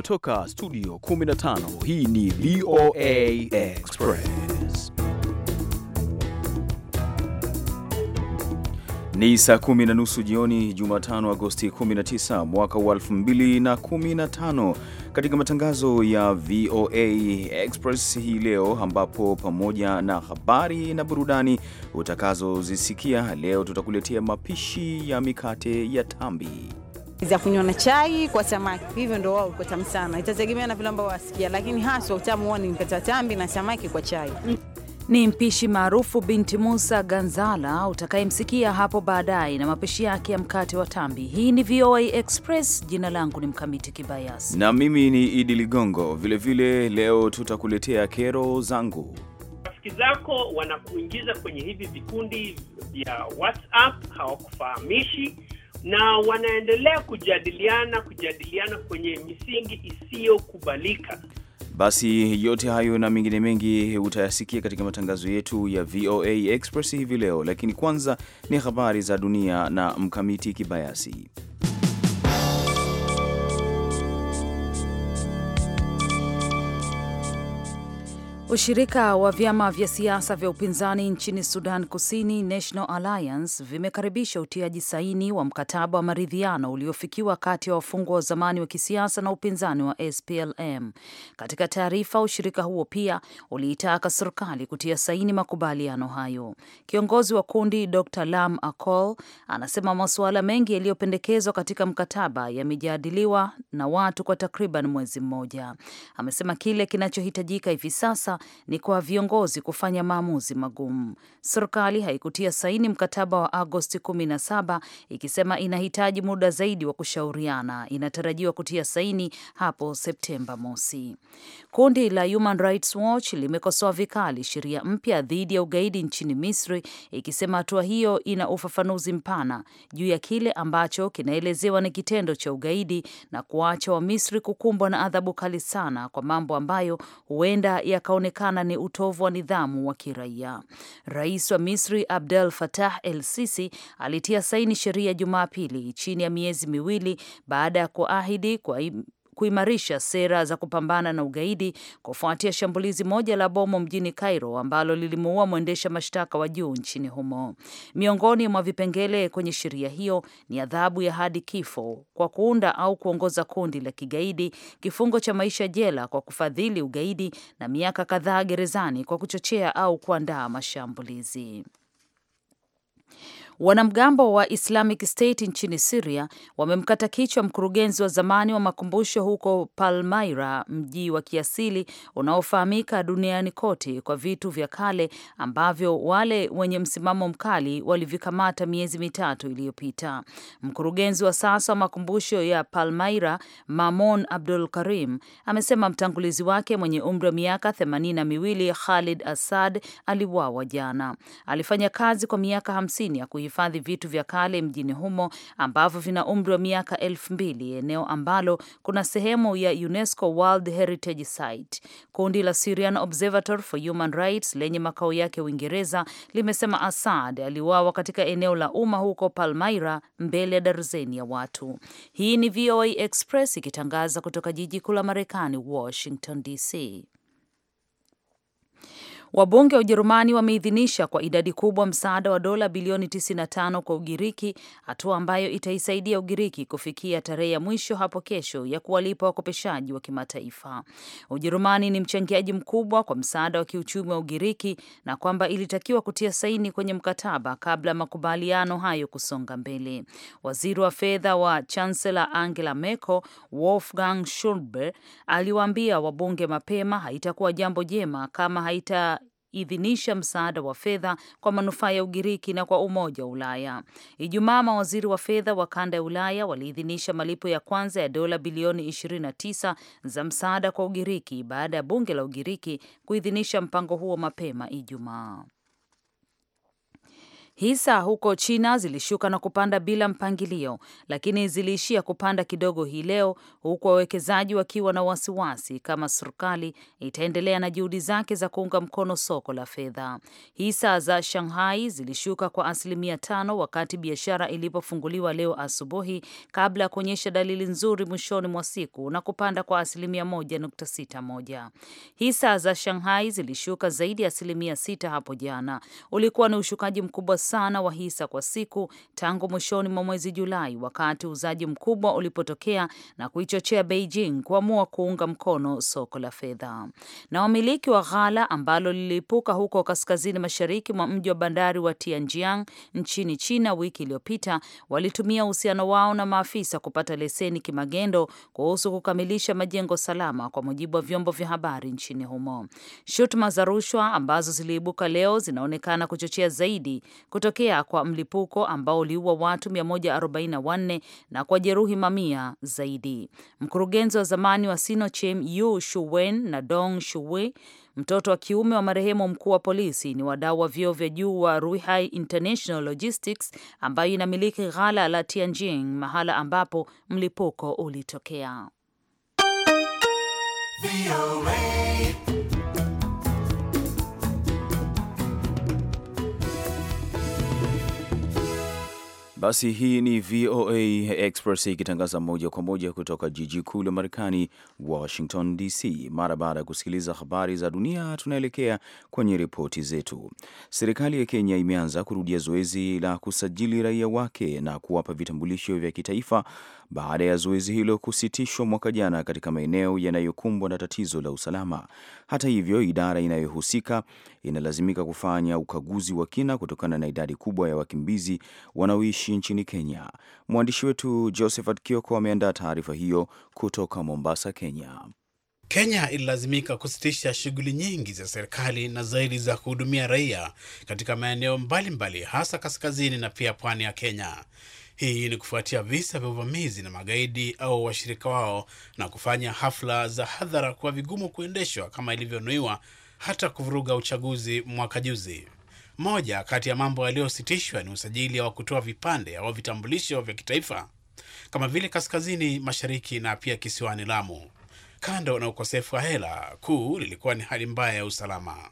kutoka studio 15 hii ni VOA Express ni saa kumi na nusu jioni Jumatano Agosti 19 mwaka wa 2015 katika matangazo ya VOA Express hii leo, ambapo pamoja na habari na burudani utakazozisikia leo, tutakuletea mapishi ya mikate ya tambi za kunywa na chai kwa samaki, hivyo ndo wao uko tamu sana. Itategemea na vile ambavyo wasikia, lakini haswa utamu wao ni mkatatambi na samaki kwa chai. Ni mpishi maarufu Binti Musa Ganzala utakayemsikia hapo baadaye na mapishi yake ya mkate wa tambi. Hii ni VOA Express, jina langu ni Mkamiti Kibayasi na mimi ni Idi Ligongo. Vilevile leo tutakuletea kero zangu rafiki zako wanakuingiza kwenye hivi vikundi vya WhatsApp, hawakufahamishi na wanaendelea kujadiliana kujadiliana kwenye misingi isiyokubalika. Basi yote hayo na mengine mengi utayasikia katika matangazo yetu ya VOA Express hivi leo, lakini kwanza ni habari za dunia na Mkamiti Kibayasi. Ushirika wa vyama vya siasa vya upinzani nchini Sudan Kusini, National Alliance, vimekaribisha utiaji saini wa mkataba wa maridhiano uliofikiwa kati ya wafungwa wa zamani wa kisiasa na upinzani wa SPLM. Katika taarifa, ushirika huo pia uliitaka serikali kutia saini makubaliano hayo. Kiongozi wa kundi Dr Lam Acol anasema masuala mengi yaliyopendekezwa katika mkataba yamejadiliwa na watu kwa takriban mwezi mmoja. Amesema kile kinachohitajika hivi sasa ni kwa viongozi kufanya maamuzi magumu. Serikali haikutia saini mkataba wa Agosti 17 ikisema inahitaji muda zaidi wa kushauriana. Inatarajiwa kutia saini hapo Septemba mosi. Kundi la Human Rights Watch limekosoa vikali sheria mpya dhidi ya ugaidi nchini Misri, ikisema hatua hiyo ina ufafanuzi mpana juu ya kile ambacho kinaelezewa ni kitendo cha ugaidi na kuacha Wamisri kukumbwa na adhabu kali sana kwa mambo ambayo huenda yakaonekana inaonekana ni utovu wa nidhamu wa kiraia. Rais wa Misri Abdel Fattah El Sisi alitia saini sheria Jumapili chini ya miezi miwili baada ya kuahidi kwa kuimarisha sera za kupambana na ugaidi kufuatia shambulizi moja la bomu mjini Cairo ambalo lilimuua mwendesha mashtaka wa juu nchini humo. Miongoni mwa vipengele kwenye sheria hiyo ni adhabu ya hadi kifo kwa kuunda au kuongoza kundi la kigaidi, kifungo cha maisha jela kwa kufadhili ugaidi na miaka kadhaa gerezani kwa kuchochea au kuandaa mashambulizi. Wanamgambo wa Islamic State nchini Siria wamemkata kichwa mkurugenzi wa zamani wa makumbusho huko Palmaira, mji wa kiasili unaofahamika duniani kote kwa vitu vya kale ambavyo wale wenye msimamo mkali walivikamata miezi mitatu iliyopita. Mkurugenzi wa sasa wa makumbusho ya Palmaira, Mamon Abdul Karim, amesema mtangulizi wake mwenye umri wa miaka themanini na miwili Khalid Assad aliwawa jana. Alifanya kazi kwa miaka hamsini ya kuhifadhi vitu vya kale mjini humo ambavyo vina umri wa miaka elfu mbili, eneo ambalo kuna sehemu ya UNESCO World Heritage Site. Kundi la Syrian Observatory for Human Rights lenye makao yake Uingereza limesema Assad aliuawa katika eneo la umma huko Palmaira mbele ya darzeni ya watu. Hii ni VOA Express ikitangaza kutoka jiji kuu la Marekani, Washington DC. Wabunge wa Ujerumani wameidhinisha kwa idadi kubwa msaada wa dola bilioni 95 kwa Ugiriki, hatua ambayo itaisaidia Ugiriki kufikia tarehe ya mwisho hapo kesho ya kuwalipa wakopeshaji wa kimataifa. Ujerumani ni mchangiaji mkubwa kwa msaada wa kiuchumi wa Ugiriki na kwamba ilitakiwa kutia saini kwenye mkataba kabla ya makubaliano hayo kusonga mbele. Waziri wa fedha wa Chancellor Angela Merkel, Wolfgang Schulbe, aliwaambia wabunge mapema haitakuwa jambo jema kama haita kuidhinisha msaada wa fedha kwa manufaa ya Ugiriki na kwa Umoja wa Ulaya. Ijumaa, mawaziri wa fedha wa kanda ya Ulaya waliidhinisha malipo ya kwanza ya dola bilioni 29 za msaada kwa Ugiriki baada ya bunge la Ugiriki kuidhinisha mpango huo mapema Ijumaa. Hisa huko China zilishuka na kupanda bila mpangilio, lakini ziliishia kupanda kidogo hii leo, huku wawekezaji wakiwa na wasiwasi kama serikali itaendelea na juhudi zake za kuunga mkono soko la fedha. Hisa za Shanghai zilishuka kwa asilimia tano wakati biashara ilipofunguliwa leo asubuhi kabla ya kuonyesha dalili nzuri mwishoni mwa siku na kupanda kwa asilimia moja nukta sita moja. Hisa za Shanghai zilishuka zaidi ya asilimia sita hapo jana. Ulikuwa ni ushukaji mkubwa sana wa hisa kwa siku tangu mwishoni mwa mwezi Julai, wakati uuzaji mkubwa ulipotokea na kuichochea Beijing kuamua kuunga mkono soko la fedha. Na wamiliki wa ghala ambalo lilipuka huko kaskazini mashariki mwa mji wa bandari wa Tianjin nchini China wiki iliyopita walitumia uhusiano wao na maafisa kupata leseni kimagendo kuhusu kukamilisha majengo salama, kwa mujibu wa vyombo vya habari nchini humo. Shutuma za rushwa ambazo ziliibuka leo zinaonekana kuchochea zaidi kutokea kwa mlipuko ambao uliua watu 144 na kwa jeruhi mamia zaidi. Mkurugenzi wa zamani wa Sinochem Yu Shuwen na Dong Shuwe mtoto wa kiume wa marehemu mkuu wa polisi ni wadau wa vyeo vya juu wa Ruihai International Logistics ambayo inamiliki ghala la Tianjin, mahala ambapo mlipuko ulitokea. Basi hii ni VOA Express ikitangaza moja kwa moja kutoka jiji kuu la Marekani, Washington DC. Mara baada ya kusikiliza habari za dunia, tunaelekea kwenye ripoti zetu. Serikali ya Kenya imeanza kurudia zoezi la kusajili raia wake na kuwapa vitambulisho vya kitaifa baada ya zoezi hilo kusitishwa mwaka jana katika maeneo yanayokumbwa na tatizo la usalama. Hata hivyo, idara inayohusika inalazimika kufanya ukaguzi wa kina kutokana na idadi kubwa ya wakimbizi wanaoishi kijeshi nchini Kenya. Mwandishi wetu Josephat Kioko ameandaa taarifa hiyo kutoka Mombasa, Kenya. Kenya ililazimika kusitisha shughuli nyingi za serikali na zaidi za kuhudumia raia katika maeneo mbalimbali, hasa kaskazini na pia pwani ya Kenya. Hii ni kufuatia visa vya uvamizi na magaidi au washirika wao na kufanya hafla za hadhara kuwa vigumu kuendeshwa kama ilivyonuiwa, hata kuvuruga uchaguzi mwaka juzi. Moja kati ya mambo yaliyositishwa ni usajili wa kutoa vipande au vitambulisho vya kitaifa kama vile kaskazini mashariki na pia kisiwani Lamu. Kando na ukosefu wa hela, kuu lilikuwa ni hali mbaya ya usalama.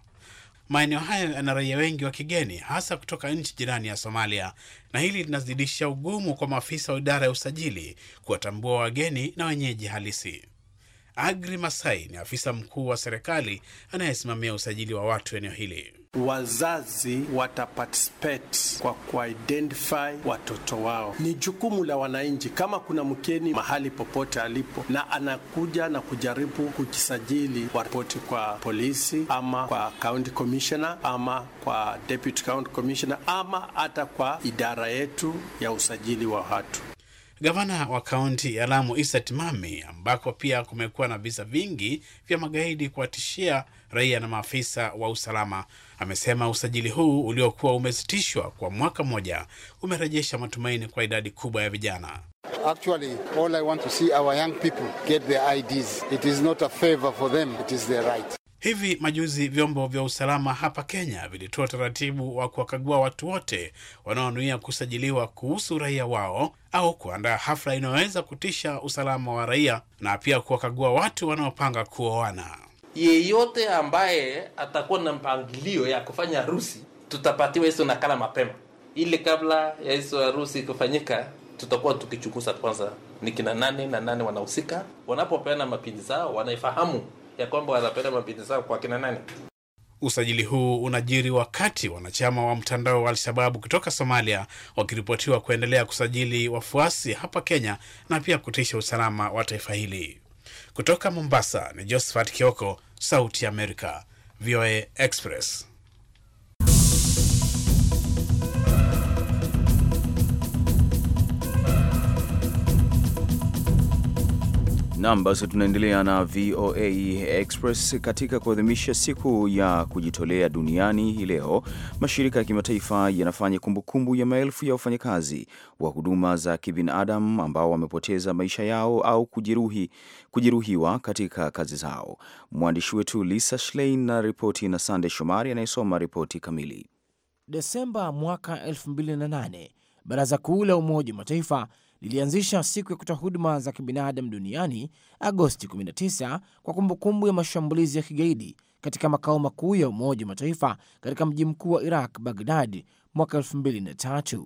Maeneo hayo yana raia wengi wa kigeni, hasa kutoka nchi jirani ya Somalia, na hili linazidisha ugumu kwa maafisa wa idara ya usajili kuwatambua wageni na wenyeji halisi. Agri Masai ni afisa mkuu wa serikali anayesimamia usajili wa watu eneo hili. Wazazi wataparticipate kwa kuidentify watoto wao. Ni jukumu la wananchi, kama kuna mkeni mahali popote alipo na anakuja na kujaribu kujisajili, waripoti kwa polisi ama kwa county commissioner ama kwa deputy county commissioner ama hata kwa idara yetu ya usajili wa watu. Gavana wa kaunti ya Lamu Isat Timami, ambako pia kumekuwa na visa vingi vya magaidi kuwatishia raia na maafisa wa usalama, amesema usajili huu uliokuwa umesitishwa kwa mwaka mmoja umerejesha matumaini kwa idadi kubwa ya vijana. Actually, all I want to see our young people get their IDs. It is not a favor for them, it is their right. Hivi majuzi vyombo vya usalama hapa Kenya vilitoa utaratibu wa kuwakagua watu wote wanaonuia kusajiliwa kuhusu raia wao au kuandaa hafla inayoweza kutisha usalama wa raia na pia kuwakagua watu wanaopanga kuoana. Yeyote ambaye atakuwa na mpangilio ya kufanya harusi, tutapatiwa hizo nakala mapema, ili kabla ya hizo harusi kufanyika tutakuwa tukichunguza kwanza ni kina nani na nani wanahusika. Wanapopeana mapindi zao, wanaifahamu ya kwamba wanapenda mabinti zao kwa kina nani? Usajili huu unajiri wakati wanachama wa mtandao wa Alshababu kutoka Somalia wakiripotiwa kuendelea kusajili wafuasi hapa Kenya na pia kutisha usalama wa taifa hili. Kutoka Mombasa ni Josephat Kioko, Sauti america Amerika, VOA Express. Nam, basi tunaendelea na VOA Express. Katika kuadhimisha siku ya kujitolea duniani hii leo, mashirika ya kimataifa yanafanya kumbukumbu ya maelfu ya wafanyakazi wa huduma za kibinadamu ambao wamepoteza maisha yao au kujeruhi, kujeruhiwa katika kazi zao. Mwandishi wetu Lisa Schlein na ripoti na Sande Shomari anayesoma ripoti kamili. Desemba mwaka 2008 Baraza Kuu la Umoja wa Mataifa lilianzisha siku ya kutoa huduma za kibinadamu duniani Agosti 19 kwa kumbukumbu ya mashambulizi ya kigaidi katika makao makuu ya Umoja wa Mataifa katika mji mkuu wa Iraq, Bagdad, mwaka 2003.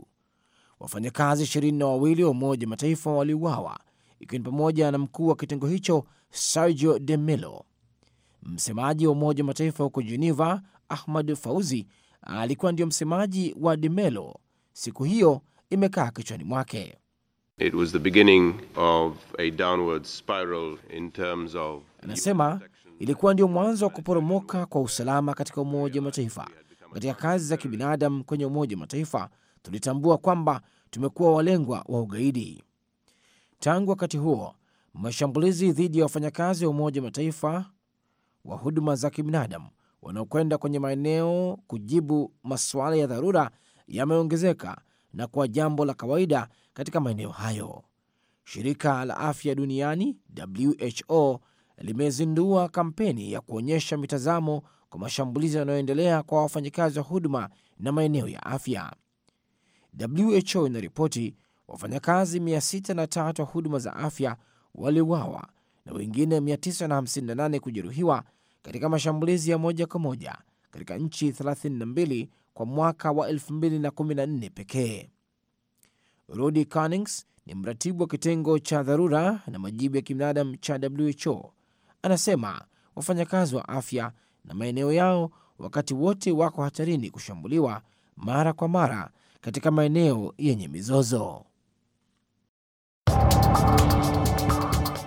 Wafanyakazi ishirini na wawili wa Umoja wa Mataifa waliuawa ikiwa ni pamoja na mkuu wa kitengo hicho Sergio De Mello. Msemaji wa Umoja wa Mataifa huko Geneva, Ahmad Fauzi, alikuwa ndio msemaji wa De Mello. Siku hiyo imekaa kichwani mwake. Anasema ilikuwa ndio mwanzo wa kuporomoka kwa usalama katika Umoja wa Mataifa. Katika kazi za kibinadamu kwenye Umoja wa Mataifa, tulitambua kwamba tumekuwa walengwa wa ugaidi. Tangu wakati huo, mashambulizi dhidi ya wafanyakazi wa Umoja wa Mataifa wa huduma za kibinadamu wanaokwenda kwenye maeneo kujibu masuala ya dharura yameongezeka na kuwa jambo la kawaida katika maeneo hayo. Shirika la afya duniani WHO limezindua kampeni ya kuonyesha mitazamo kwa mashambulizi yanayoendelea kwa wafanyakazi wa huduma na maeneo ya afya. WHO inaripoti wafanyakazi 603 wa huduma za afya waliuawa na wengine 958 kujeruhiwa katika mashambulizi ya moja kwa moja katika nchi 32 kwa mwaka wa 2014 pekee. Rodi Connings ni mratibu wa kitengo cha dharura na majibu ya kibinadamu cha WHO. Anasema wafanyakazi wa afya na maeneo yao wakati wote wako hatarini kushambuliwa mara kwa mara katika maeneo yenye mizozo.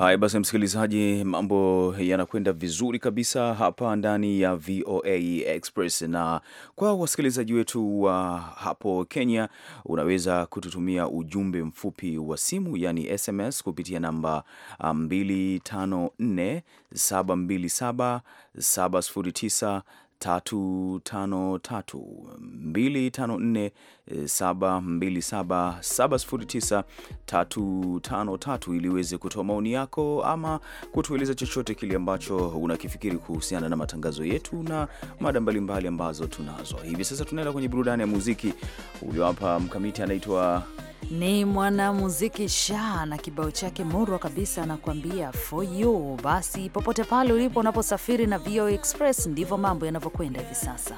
Haya basi, msikilizaji, mambo yanakwenda vizuri kabisa hapa ndani ya VOA Express, na kwa wasikilizaji wetu wa uh, hapo Kenya, unaweza kututumia ujumbe mfupi wa simu yani SMS kupitia namba 254727709353 ah, 254 727709353 ili uweze kutoa maoni yako ama kutueleza chochote kile ambacho unakifikiri kuhusiana na matangazo yetu na mada mbalimbali ambazo tunazo hivi sasa. Tunaenda kwenye burudani ya muziki hapa mkamiti anaitwa ni mwanamuziki Sha na kibao chake murwa kabisa, anakuambia for you. Basi popote pale ulipo, unaposafiri na VOA Express, ndivyo mambo yanavyokwenda hivi sasa.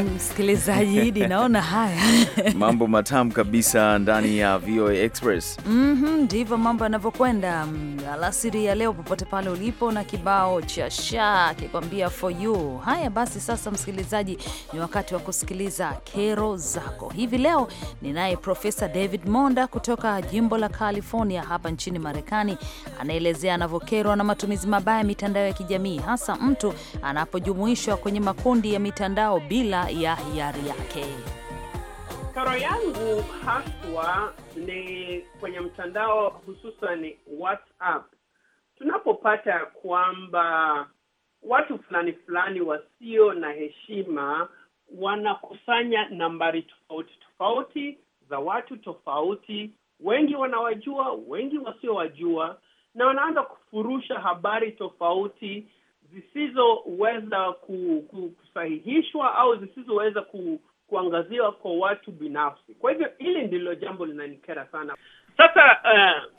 msikilizaji Idi, naona haya mambo matamu kabisa ndani ya VOA Express. Mhm, mm, ndivyo mambo yanavyokwenda alasiri ya leo, popote pale ulipo, na kibao cha sha akikwambia for you. Haya basi, sasa msikilizaji, ni wakati wa kusikiliza kero zako. Hivi leo ninaye Profesa David Monda kutoka jimbo la California hapa nchini Marekani, anaelezea anavyokerwa na matumizi mabaya ya mitandao ya kijamii, hasa mtu anapojumuishwa kwenye makundi ya mitandao bila ya hiari yake. Karo yangu haswa ni kwenye mtandao, hususan WhatsApp. Tunapopata kwamba watu fulani fulani wasio na heshima wanakusanya nambari tofauti tofauti za watu tofauti, wengi wanawajua, wengi wasiowajua, na wanaanza kufurusha habari tofauti zisizoweza kusahihishwa au zisizoweza ku, kuangaziwa kwa watu binafsi. Kwa hivyo hili ndilo jambo linanikera sana. Sasa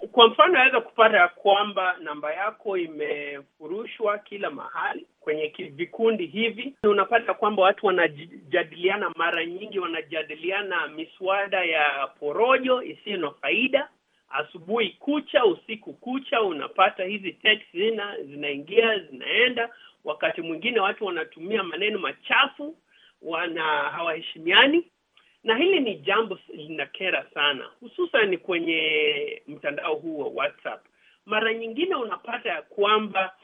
uh, kwa mfano naweza kupata ya kwamba namba yako imefurushwa kila mahali kwenye vikundi hivi. Unapata kwamba watu wanajadiliana, mara nyingi wanajadiliana miswada ya porojo isiyo na faida, asubuhi kucha, usiku kucha, unapata hizi text zina zinaingia zinaenda. Wakati mwingine watu wanatumia maneno machafu, wana hawaheshimiani, na hili ni jambo linakera sana, hususan kwenye mtandao huu wa WhatsApp. Mara nyingine unapata ya kwamba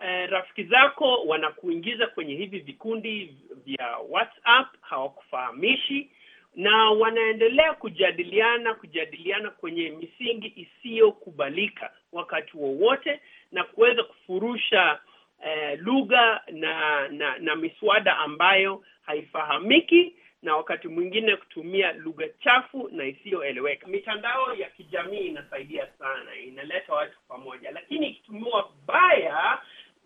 eh, rafiki zako wanakuingiza kwenye hivi vikundi vya WhatsApp, hawakufahamishi na wanaendelea kujadiliana kujadiliana kwenye misingi isiyokubalika wakati wowote wa na kuweza kufurusha eh, lugha na, na na miswada ambayo haifahamiki na wakati mwingine kutumia lugha chafu na isiyoeleweka. Mitandao ya kijamii inasaidia sana, inaleta watu pamoja, lakini ikitumiwa baya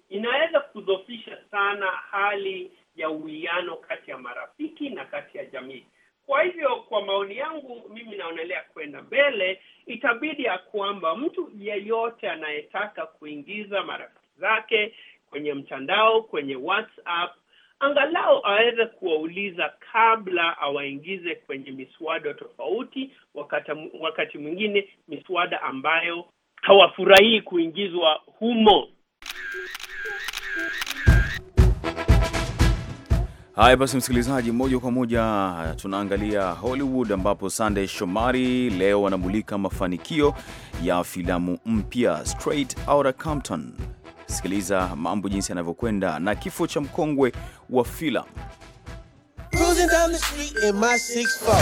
inaweza kudhofisha sana hali ya uwiano kati ya marafiki na kati ya jamii. Kwa hivyo kwa maoni yangu mimi naonelea kwenda mbele, itabidi ya kwamba mtu yeyote anayetaka kuingiza marafiki zake kwenye mtandao, kwenye WhatsApp angalau aweze kuwauliza kabla awaingize kwenye miswada tofauti, wakati, wakati mwingine miswada ambayo hawafurahii kuingizwa humo. Haya basi, msikilizaji, moja kwa moja tunaangalia Hollywood ambapo Sunday Shomari leo anamulika mafanikio ya filamu mpya Straight Outta Compton. Sikiliza mambo jinsi yanavyokwenda na kifo cha mkongwe wa filamu. Cruising down the street in my 64.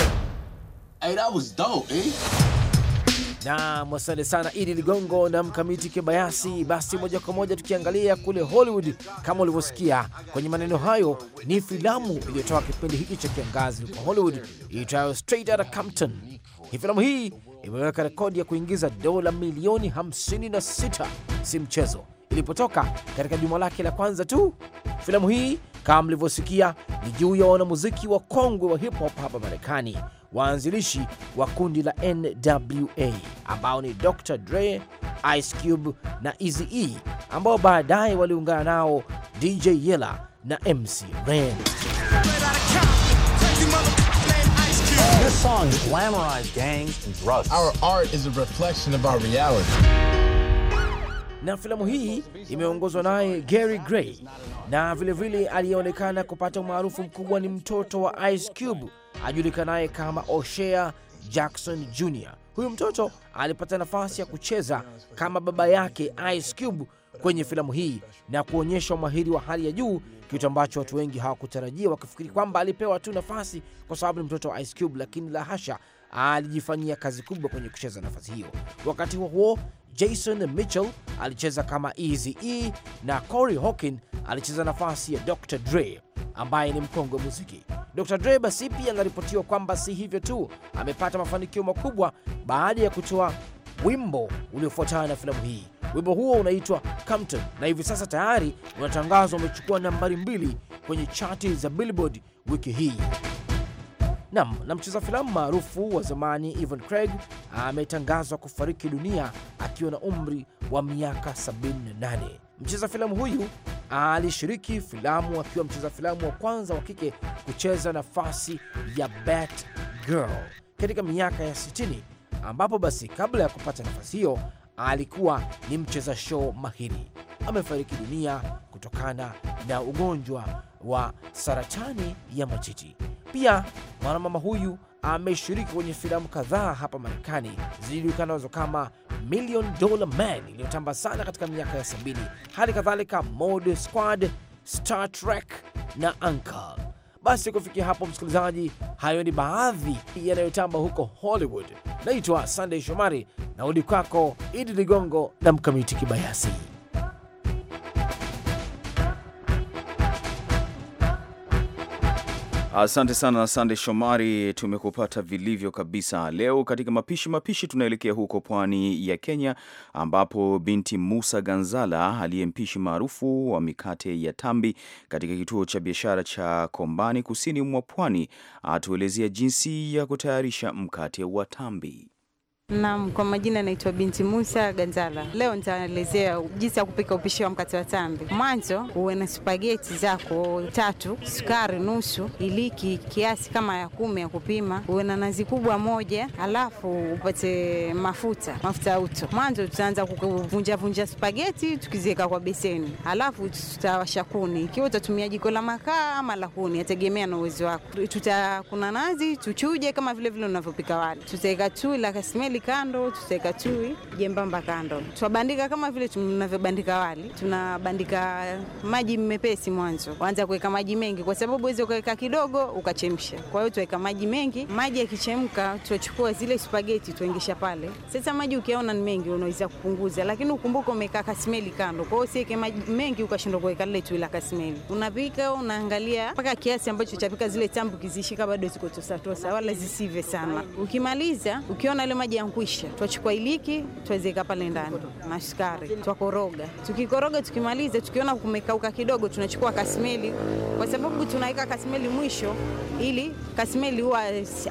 Hey, that was dope, eh? Nam, asante sana Idi Ligongo na Mkamiti Kibayasi. Basi moja kwa moja tukiangalia kule Hollywood, kama ulivyosikia kwenye maneno hayo, ni filamu iliyotoa kipindi hiki cha kiangazi kwa Hollywood iitwayo Straight Outta Compton. Hii filamu hii imeweka rekodi ya kuingiza dola milioni 56, si mchezo, ilipotoka katika juma lake la kwanza tu. Filamu hii kama mlivyosikia, ni juu ya wanamuziki wa kongwe wa hip hop hapa Marekani, waanzilishi wa kundi la NWA ambao ni Dr Dre, Ice Cube na Eazy-E ambao baadaye waliungana nao DJ Yella na MC Ren. This song glamorized gangs and drugs. Our art is a reflection of our reality na filamu hii imeongozwa naye Gary Gray, na vilevile aliyeonekana kupata umaarufu mkubwa ni mtoto wa Ice Cube ajulikanaye kama O'Shea Jackson Jr. Huyu mtoto alipata nafasi ya kucheza kama baba yake Ice Cube kwenye filamu hii na kuonyesha umahiri wa hali ya juu, kitu ambacho watu wengi hawakutarajia, wakifikiri kwamba alipewa tu nafasi kwa sababu ni mtoto wa Ice Cube, lakini la hasha, alijifanyia kazi kubwa kwenye kucheza nafasi hiyo. Wakati huo huo, Jason Mitchell alicheza kama Easy E na Corey Hawkin alicheza nafasi ya Dr Dre ambaye ni mkongwe wa muziki. Dr Dre basi pia anaripotiwa kwamba si hivyo tu, amepata mafanikio makubwa baada ya kutoa wimbo uliofuatana na filamu hii. Wimbo huo unaitwa Compton na hivi sasa tayari unatangazwa umechukua nambari mbili kwenye chati za Billboard wiki hii. Nam na mcheza filamu maarufu wa zamani evan Craig ametangazwa kufariki dunia akiwa na umri wa miaka 78. Mcheza filamu huyu alishiriki filamu akiwa mcheza filamu wa kwanza wa kike kucheza nafasi ya Bat Girl katika miaka ya 60, ambapo basi kabla ya kupata nafasi hiyo alikuwa ni mcheza show mahiri. Amefariki dunia kutokana na ugonjwa wa saratani ya matiti. Pia mwanamama huyu ameshiriki kwenye filamu kadhaa hapa Marekani zilijulikanazo kama Million Dollar Man iliyotamba sana katika miaka ya sabini, hali kadhalika Mod Squad, Star Trek na Uncle. Basi kufikia hapo, msikilizaji, hayo ni baadhi yanayotamba huko Hollywood. Naitwa Sunday Shomari, narudi kwako Idi Ligongo na Mkamiti Kibayasi. Asante sana Sande Shomari, tumekupata vilivyo kabisa. Leo katika mapishi mapishi, tunaelekea huko pwani ya Kenya, ambapo binti Musa Ganzala aliye mpishi maarufu wa mikate ya tambi katika kituo cha biashara cha Kombani kusini mwa pwani atuelezea jinsi ya kutayarisha mkate wa tambi. Naam, kwa majina naitwa Binti Musa Ganzala. Leo nitaelezea jinsi ya kupika upishi wa mkate wa tambi. Mwanzo uwe na spageti zako tatu, sukari nusu, iliki kiasi kama ya kumi ya kupima, uwe na nazi kubwa moja, alafu upate mafuta, mafuta uto. Mwanzo tutaanza kuvunja vunja spageti tukiziweka kwa beseni, alafu tutawasha kuni. Ikiwa utatumia jiko la makaa ama la kuni, yategemea na uwezo wako. Tutakuna nazi tuchuje kama vile vile unavyopika wali, tutaweka tui la kasimeli wali kando, tutaweka chui jembamba kando, tutabandika kama vile tunavyobandika wali, tunabandika maji mepesi mwanzo, waanza kuweka maji mengi, kwa sababu uweze ukaweka kidogo ukachemsha. Kwa hiyo tuweka maji mengi, maji yakichemka, tutachukua zile spageti tuingisha pale. Sasa maji ukiona ni mengi, unaweza kupunguza, lakini ukumbuke umeweka kasmeli kando, kwa hiyo usiweke maji mengi ukashindwa kuweka lile tui la kasimeli. Unapika unaangalia mpaka kiasi ambacho chapika, zile tambu kizishika bado ziko tosatosa, wala zisive sana. Ukimaliza ukiona ile maji ya tunaangusha, twachukua iliki twaziweka pale ndani, mashikari twakoroga. Tukikoroga tukimaliza, tukiona kumekauka kidogo, tunachukua kasmeli, kwa sababu tunaweka kasmeli mwisho, ili kasmeli huwa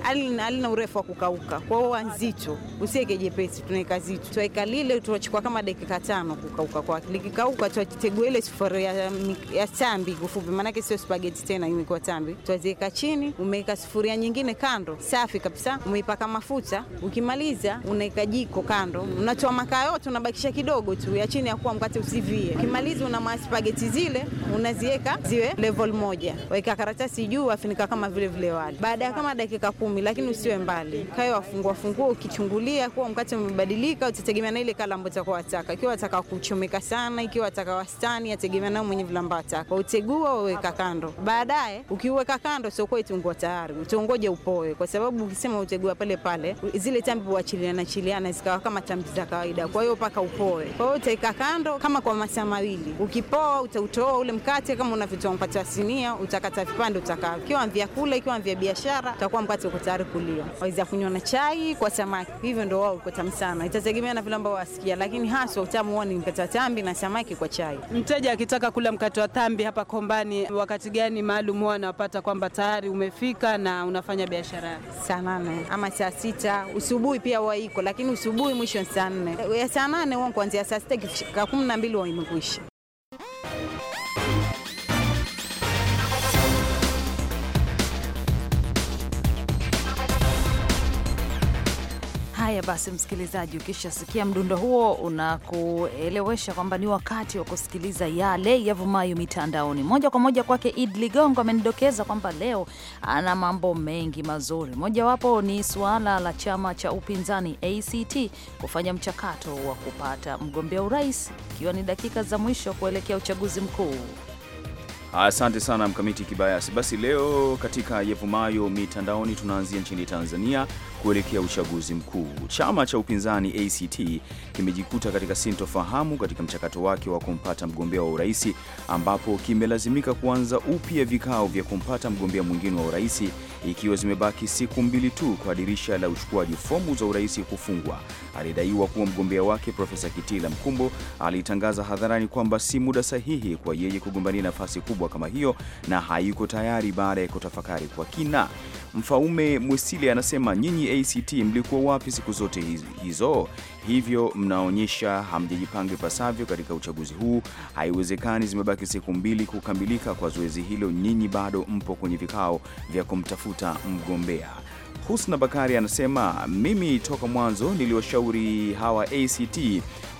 alina urefu wa kukauka, kwa huwa nzito, usiweke jepesi, tunaweka zito. Twaweka lile, tunachukua kama dakika tano kukauka kwake. Likikauka twategua ile sufuria ya, ya tambi kufupi, maanake sio spageti tena, imekuwa tambi. Twaziweka chini, umeweka sufuria nyingine kando safi kabisa, umeipaka mafuta, ukimaliza unapita unaweka jiko kando, unatoa makaa yote, unabakisha kidogo tu ya chini ya kuwa mkate usivie. Ukimaliza una spageti zile unaziweka ziwe level moja, weka karatasi juu, wafunika kama vile vile wali. Baada ya kama dakika kumi, lakini usiwe mbali, kae wafungua fungua, ukichungulia kuwa mkate umebadilika, utategemea na ile kala ambayo utakuwa wataka. Ikiwa wataka kuchomeka sana, ikiwa wataka wastani, ategemea nao mwenye vile ambayo wataka. Utegua waweka kando, baadaye ukiweka kando, sio kwa itungua tayari, utongoje upoe, kwa sababu ukisema utegua pale pale zile tambi wachi chiliana chiliana zikawa kama tambi za kawaida, kwa hiyo mpaka upoe. Kwa hiyo utaika kando kama kwa masaa mawili, ukipoa utautoa ule mkate kama unavitoa wa sinia, utakata vipande utakavyo, ikiwa vya kula, ikiwa vya biashara, utakuwa mkate uko tayari kuliwa. Waweza kunywa na chai kwa samaki, hivyo ndo wao uko tamu sana, itategemea na vile ambao wasikia, lakini haswa utamu huo ni mkate wa tambi na samaki kwa chai. Mteja akitaka kula mkate wa tambi hapa Kombani, wakati gani maalum huwa anapata kwamba tayari umefika na unafanya biashara? Saa nane ama saa sita usubuhi pia ya waiko, lakini usubuhi mwisho saa nne ya saa nane wao kuanzia saa sita kifika kumi na mbili wao Haya basi, msikilizaji, ukishasikia mdundo huo unakuelewesha kwamba ni wakati wa kusikiliza yale yavumayo mitandaoni. Moja kwa moja kwake Id Ligongo amenidokeza kwamba leo ana mambo mengi mazuri, mojawapo ni suala la chama cha upinzani ACT kufanya mchakato wa kupata mgombea urais, ikiwa ni dakika za mwisho kuelekea uchaguzi mkuu. Asante sana Mkamiti Kibayasi. Basi leo katika Yevumayo Mitandaoni tunaanzia nchini Tanzania kuelekea uchaguzi mkuu. Chama cha upinzani ACT kimejikuta katika sintofahamu katika mchakato wake wa kumpata mgombea wa uraisi, ambapo kimelazimika kuanza upya vikao vya kumpata mgombea mwingine wa uraisi ikiwa zimebaki siku mbili tu kwa dirisha la uchukuaji fomu za urais kufungwa. Alidaiwa kuwa mgombea wake Profesa Kitila Mkumbo alitangaza hadharani kwamba si muda sahihi kwa yeye kugombania nafasi kubwa kama hiyo na hayuko tayari baada ya kutafakari kwa kina. Mfaume Mwisile anasema nyinyi ACT mlikuwa wapi siku zote hizo? hivyo mnaonyesha hamjajipanga ipasavyo katika uchaguzi huu. Haiwezekani, zimebaki siku mbili kukamilika kwa zoezi hilo, nyinyi bado mpo kwenye vikao vya kumtafuta mgombea. Husna Bakari anasema mimi toka mwanzo niliwashauri hawa ACT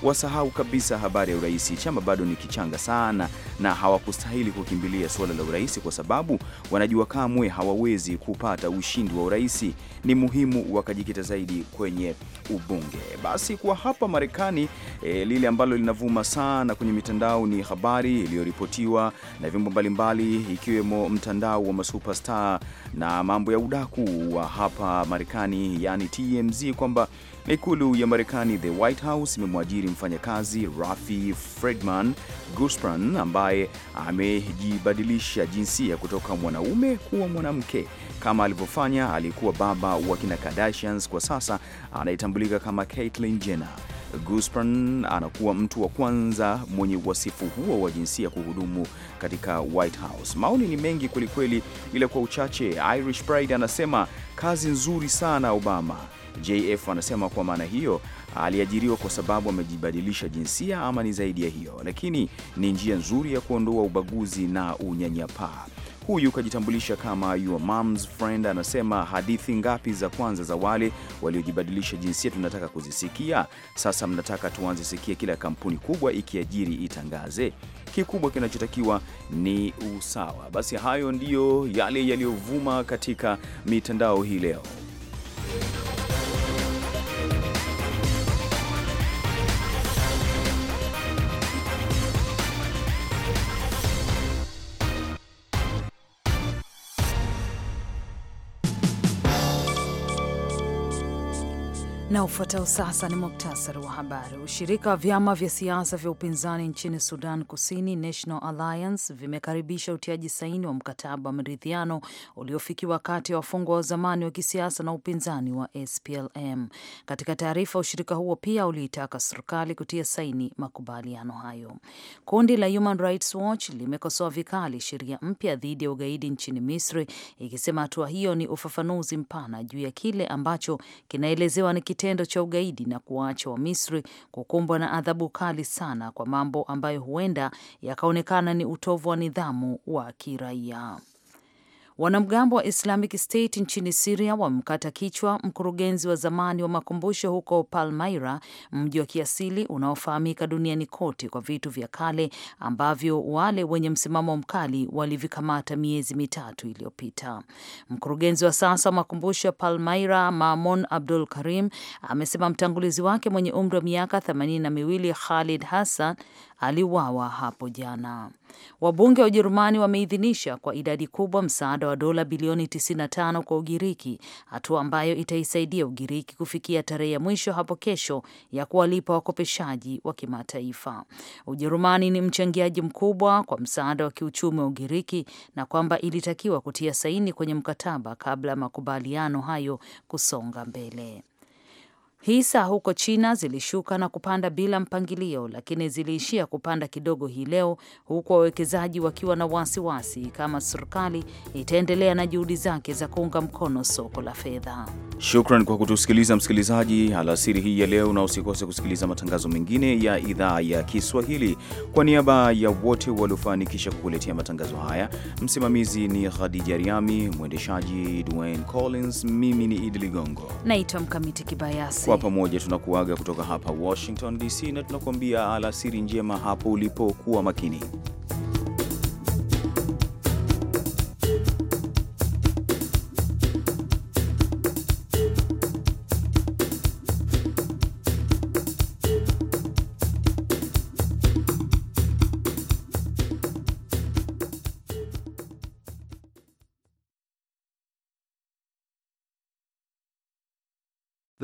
wasahau kabisa habari ya urais. Chama bado ni kichanga sana, na hawakustahili kukimbilia suala la urais, kwa sababu wanajua kamwe hawawezi kupata ushindi wa urais. Ni muhimu wakajikita zaidi kwenye ubunge. Basi kwa hapa Marekani, e, lile ambalo linavuma sana kwenye mitandao ni habari iliyoripotiwa na vyombo mbalimbali, ikiwemo mtandao wa masuperstar na mambo ya udaku wa hapa Marekani, yani TMZ kwamba Ikulu ya Marekani, the White House, imemwajiri mfanyakazi Rafi Fredman Guspran ambaye amejibadilisha jinsia kutoka mwanaume kuwa mwanamke kama alivyofanya aliyekuwa baba wa kina Kardashians. Kwa sasa anayetambulika kama Caitlyn Jenner. Guspran anakuwa mtu wa kwanza mwenye wasifu huo wa jinsia kuhudumu katika White House. Maoni ni mengi kwelikweli, ila kwa uchache, Irish Pride anasema kazi nzuri sana Obama. JF anasema kwa maana hiyo aliajiriwa kwa sababu amejibadilisha jinsia ama ni zaidi ya hiyo, lakini ni njia nzuri ya kuondoa ubaguzi na unyanyapaa. Huyu kajitambulisha kama your mom's friend, anasema hadithi ngapi za kwanza za wale waliojibadilisha jinsia tunataka kuzisikia? Sasa mnataka tuanze sikia kila kampuni kubwa ikiajiri itangaze? Kikubwa kinachotakiwa ni usawa. Basi hayo ndiyo yale yaliyovuma katika mitandao hii leo. Na ufuatao sasa ni muktasari wa habari. Ushirika wa vyama vya siasa vya upinzani nchini Sudan Kusini, National Alliance, vimekaribisha utiaji saini wa mkataba wa maridhiano uliofikiwa kati ya wafungwa wa zamani wa kisiasa na upinzani wa SPLM. Katika taarifa, ushirika huo pia uliitaka serikali kutia saini makubaliano hayo. Kundi la Human Rights Watch limekosoa vikali sheria mpya dhidi ya ugaidi nchini Misri, ikisema hatua hiyo ni ufafanuzi mpana juu ya kile ambacho kinaelezewa ni kite kitendo cha ugaidi na kuwaacha Wamisri kukumbwa na adhabu kali sana kwa mambo ambayo huenda yakaonekana ni utovu wa nidhamu wa kiraia. Wanamgambo wa Islamic State nchini Siria wamemkata kichwa mkurugenzi wa zamani wa makumbusho huko Palmaira, mji wa kiasili unaofahamika duniani kote kwa vitu vya kale ambavyo wale wenye msimamo mkali walivikamata miezi mitatu iliyopita. Mkurugenzi wa sasa wa makumbusho ya Palmaira, mamon Abdul Karim, amesema mtangulizi wake mwenye umri wa miaka themanini na miwili Khalid Hassan aliuawa hapo jana. Wabunge wa Ujerumani wameidhinisha kwa idadi kubwa msaada wa dola bilioni 95 kwa Ugiriki, hatua ambayo itaisaidia Ugiriki kufikia tarehe ya mwisho hapo kesho ya kuwalipa wakopeshaji wa kimataifa. Ujerumani ni mchangiaji mkubwa kwa msaada wa kiuchumi wa Ugiriki na kwamba ilitakiwa kutia saini kwenye mkataba kabla ya makubaliano hayo kusonga mbele. Hisa huko China zilishuka na kupanda bila mpangilio, lakini ziliishia kupanda kidogo hii leo, huku wawekezaji wakiwa na wasiwasi wasi kama serikali itaendelea na juhudi zake za kuunga mkono soko la fedha. Shukran kwa kutusikiliza msikilizaji alasiri hii ya leo, na usikose kusikiliza matangazo mengine ya idhaa ya Kiswahili. Kwa niaba ya wote waliofanikisha kukuletea matangazo haya, msimamizi ni Khadija Riami, mwendeshaji Dwayne Collins, mimi ni Idi Ligongo naitwa Mkamiti Kibayasi pamoja tunakuaga kutoka hapa Washington DC na tunakuambia alasiri njema hapo ulipokuwa makini.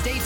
Stay tuned.